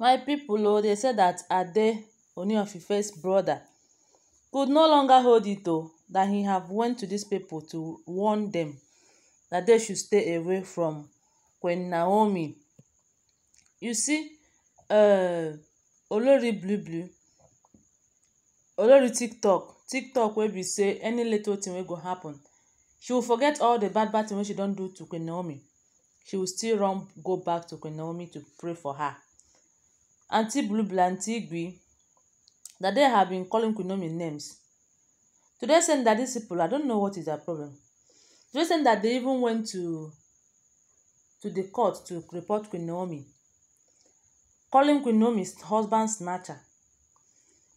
My people oh, they said that Ade, Ooni of Ife's brother, could no longer hold it oh, that he have went to these people to warn them that they should stay away from Queen Naomi. You see, uh, Olori Blue Blue, Olori TikTok, TikTok wey be say any little thing wey go happen, she will forget all the bad bad thing wey she don do to Queen Naomi. She will still run go back to Queen Naomi to pray for her. Aunty Blue Bill, Aunty Igwe, that they have been calling Kunomi names. Today the that these people, I don't know what is their problem. Today the that they even went to to the court to report Queen Naomi, calling Queen Naomi's husband snatcher.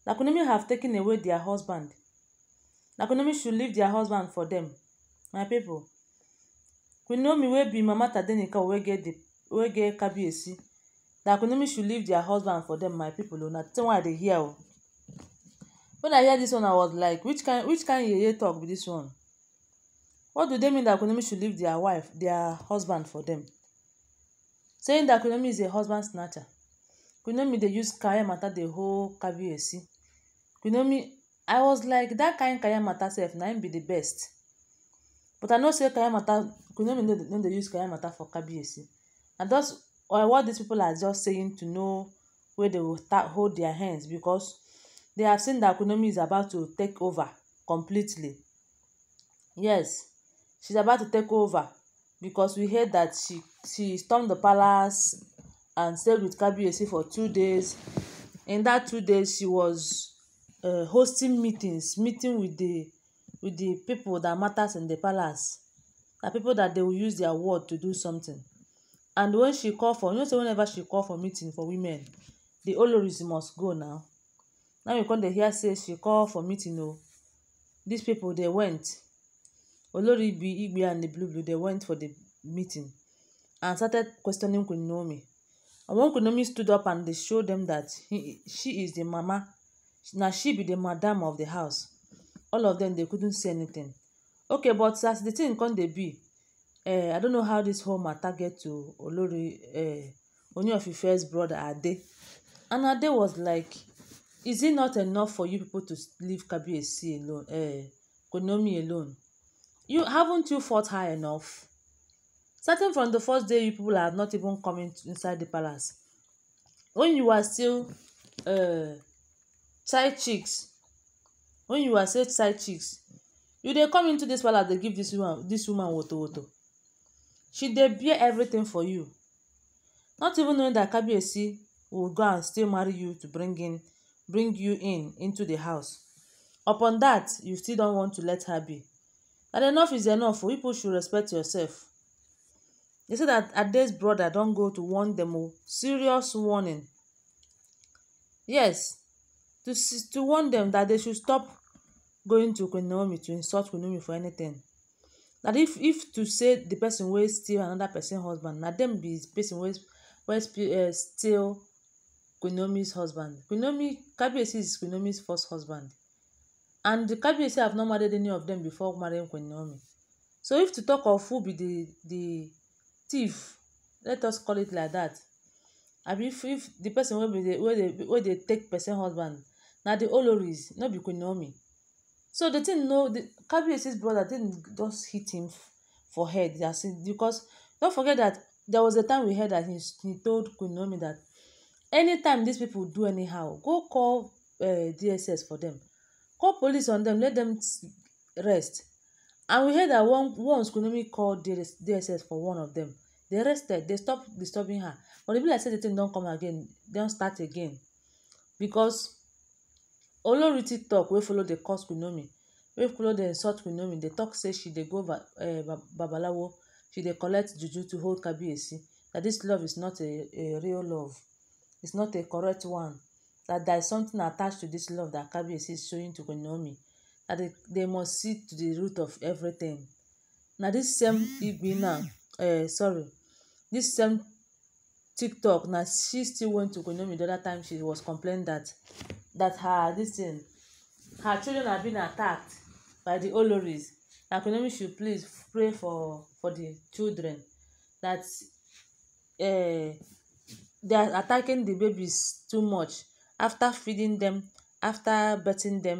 That Queen have taken away their husband. That Queen should leave their husband for them. My people, Queen Naomi wey be Mama Tadenikawo wey get the wey get Kabiyesi na Akunimi should leave their husband for them, my people o na the thing wey I dey hear o. Oh. When I hear this one I was like which kind which kind yeye talk be this one? What do they mean that Akunimi should leave their wife their husband for them. Saying that Akunimi is a husband snatcher. Akunimi dey use career matter dey hold esi. Akunimi I was like that kind kaya mata sef na im be the best. But I know say kaya mata Akunimi no dey no use kaya mata for kabi esi. Na just or what these people are just saying to know where they will start, hold their hands because they have seen the economy is about to take over completely. Yes, she's about to take over because we heard that she she stormed the palace and stayed with Kabiyesi for two days. In that two days, she was uh, hosting meetings, meeting with the with the people that matters in the palace, the people that they will use their word to do something. And when she call for, you know say whenever she call for meeting for women, the Oloris must go now. Now you come dey hear say she call for meeting oo. these people they went. Olori Ibi, Igbe and the Blue Blue, they went for the meeting and started questioning Queen Naomi. And when Queen stood up and they showed them that he, she is the mama, now she be the madam of the house. All of them, they couldn't say anything. Okay, but as the thing come dey be, eh, I don't know how this whole matter get to Olori eh, Ooni of Ife's brother Ade. And Ade was like, is it not enough for you people to leave Kabiyesi alone, eh, Konomi alone? You haven't you fought high enough? Starting from the first day, you people are not even coming to, inside the palace. When you were still uh, side chicks, when you were still side chicks, you dey come into this palace dey give this woman this woman woto woto She dey bear everything for you. Not even knowing that Kabiyesi will go and still marry you to bring in bring you in into the house. Upon that, you still don't want to let her be. And enough is enough. People should respect yourself. They say that Ade's brother don go to warn them. Oh, Serious warning. Yes, to to warn them that they should stop going to Queen Naomi to insult Queen Naomi for anything na if if to say the person wey steal another person husband na them be the person wey wey uh, steal Queen husband. Kunomi Naomi Kabiyesi is Kunomi's first husband and Kabiyesi have not married any of them before marrying Kunomi. So if to talk of who be the the thief let us call it like that abi if if the person wey be the wey dey wey dey take person husband na the olories no be Kunomi so the thing no the kabiyesi's brother didn't just hit him for head as in because don't forget that there was a time we heard that he, he told Queen Naomi that anytime these people do anyhow go call uh, eh, DSS for them call police on them let them rest and we heard that one once Queen Naomi called DSS for one of them they arrested they stopped disturbing her but e be like say the thing don come again don start again because olori talk, wey follow dey curse queen naomi wey follow dey insult queen naomi dey talk say she dey go ba eh babalawo she dey collect juju to hold kabiyesi that this love is not a a real love it's not a correct one that there is something attached to this love that kabiyesi is showing to queen that they, they must see to the root of everything na dis same igbe now uh, sorry dis same tiktok na she still went to queen the other time she was complaining that that her this thing her children have been attacked by the oloris nakunomi should please pray for for the children that uh, they are attacking the babies too much after feeding them after birthing them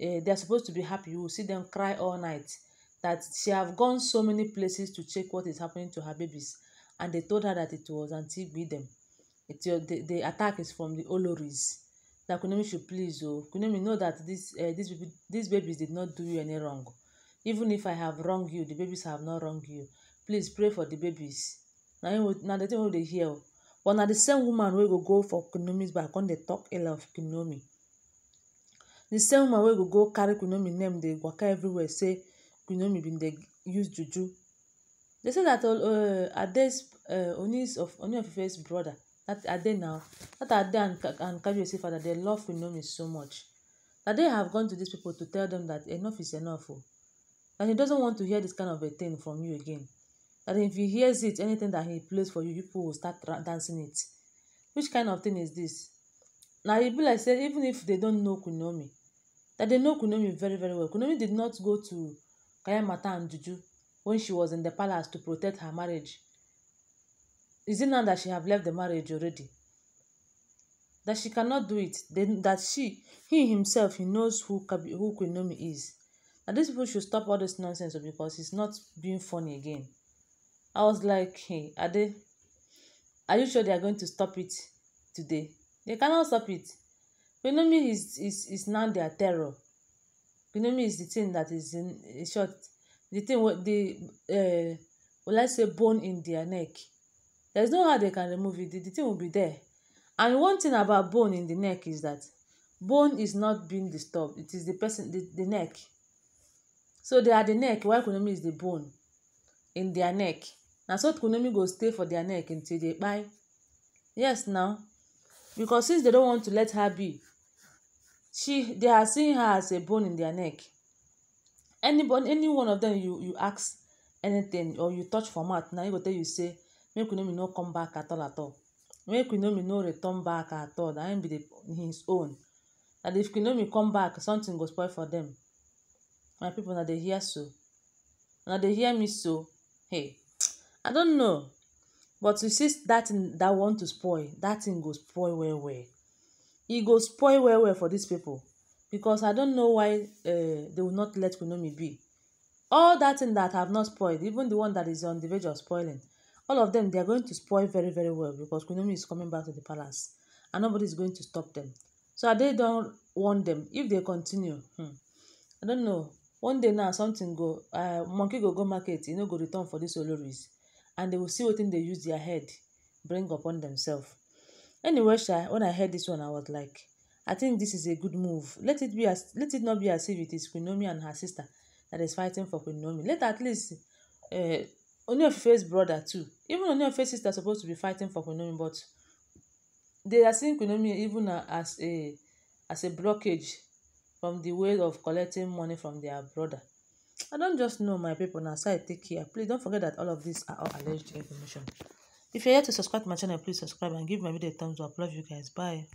uh, they are supposed to be happy you will see them cry all night that she have gone so many places to check what is happening to her babies and they told her that it was antigbe them it, the, the attack is from the oloris that Kunimi should please oh Kunimi know that this uh, this people these babies did not do you any wrong even if I have wronged you the babies have not wronged you please pray for the babies Now, now the thing wey we dey hear o oh. but now the same woman wey go go for Kunomi's back come dey talk ill of Kunomi the same woman wey go go carry Kunomi name they walk everywhere say Kunomi bin dey use juju they say that uh, Ades uh, eh, Ooni of Oni of Ife's brother that are there now, that are there and, and Kabiyesi father, they love Rinomi so much. That they have gone to these people to tell them that enough is enough. Oh. That he doesn't want to hear this kind of a thing from you again. That if he hears it, anything that he plays for you, you people will start dancing it. Which kind of thing is this? Now, it be like say, even if they don't know Kunomi, that they know Kunomi very, very well. Kunomi did not go to Kayamata and Juju when she was in the palace to protect her marriage. Is it now that she have left the marriage already? That she cannot do it. Then that she, he himself, he knows who Kabi, who Kunomi is. And these people should stop all this nonsense because it's not being funny again. I was like, hey, are they? Are you sure they are going to stop it today? They cannot stop it. Kunomi is is is now their terror. Kunomi is the thing that is in, in short, the thing what the uh, will I say bone in their neck. There's no how they can remove it. The, the thing will be there. And one thing about bone in the neck is that bone is not being disturbed. It is the person, the, the neck. So they are the neck. While Kunomi is the bone in their neck. Na so Kunomi go stay for their neck until they kpai. Yes, now. Because since they don't want to let her be, she they are seeing her as a bone in their neck. Anybody, any one of them, you you ask anything or you touch for mouth, now you go tell you say make kunomi no come back at all at all make kunomi no return back at all na him be the his own and if kunomi come back something go spoil for them. my people na dey hear so una dey hear me so hey i don't know but you see that thing that want to spoil that thing go spoil well well e go spoil well well for these people because i don't know why uh, they will not let kunomi be all that thing that have not spoiled even the one that is on the verge of spoiling all of them they are going to spoil very very well because Kunomi is coming back to the palace and nobody is going to stop them so Ade don warn them if they continue hmm, I don't know one day now something go uh, monkey go go market e no go return for these Oloris and they will see wetin they use their head bring upon themselves anyway sha when I heard this one I was like I think this is a good move let it be as let it not be as if it is Kunomi and her sister that is fighting for Kunomi. let at least uh, Onyefife's brother too. Even Onyefife's sister supposed to be fighting for Kunomi, but they are seeing Kunomi even as a as a blockage from the way of collecting money from their brother. I don't just know my people now, so I take care. Please don't forget that all of these are all alleged information. If you're here to subscribe to my channel, please subscribe and give my video a thumbs up. Love you guys. Bye.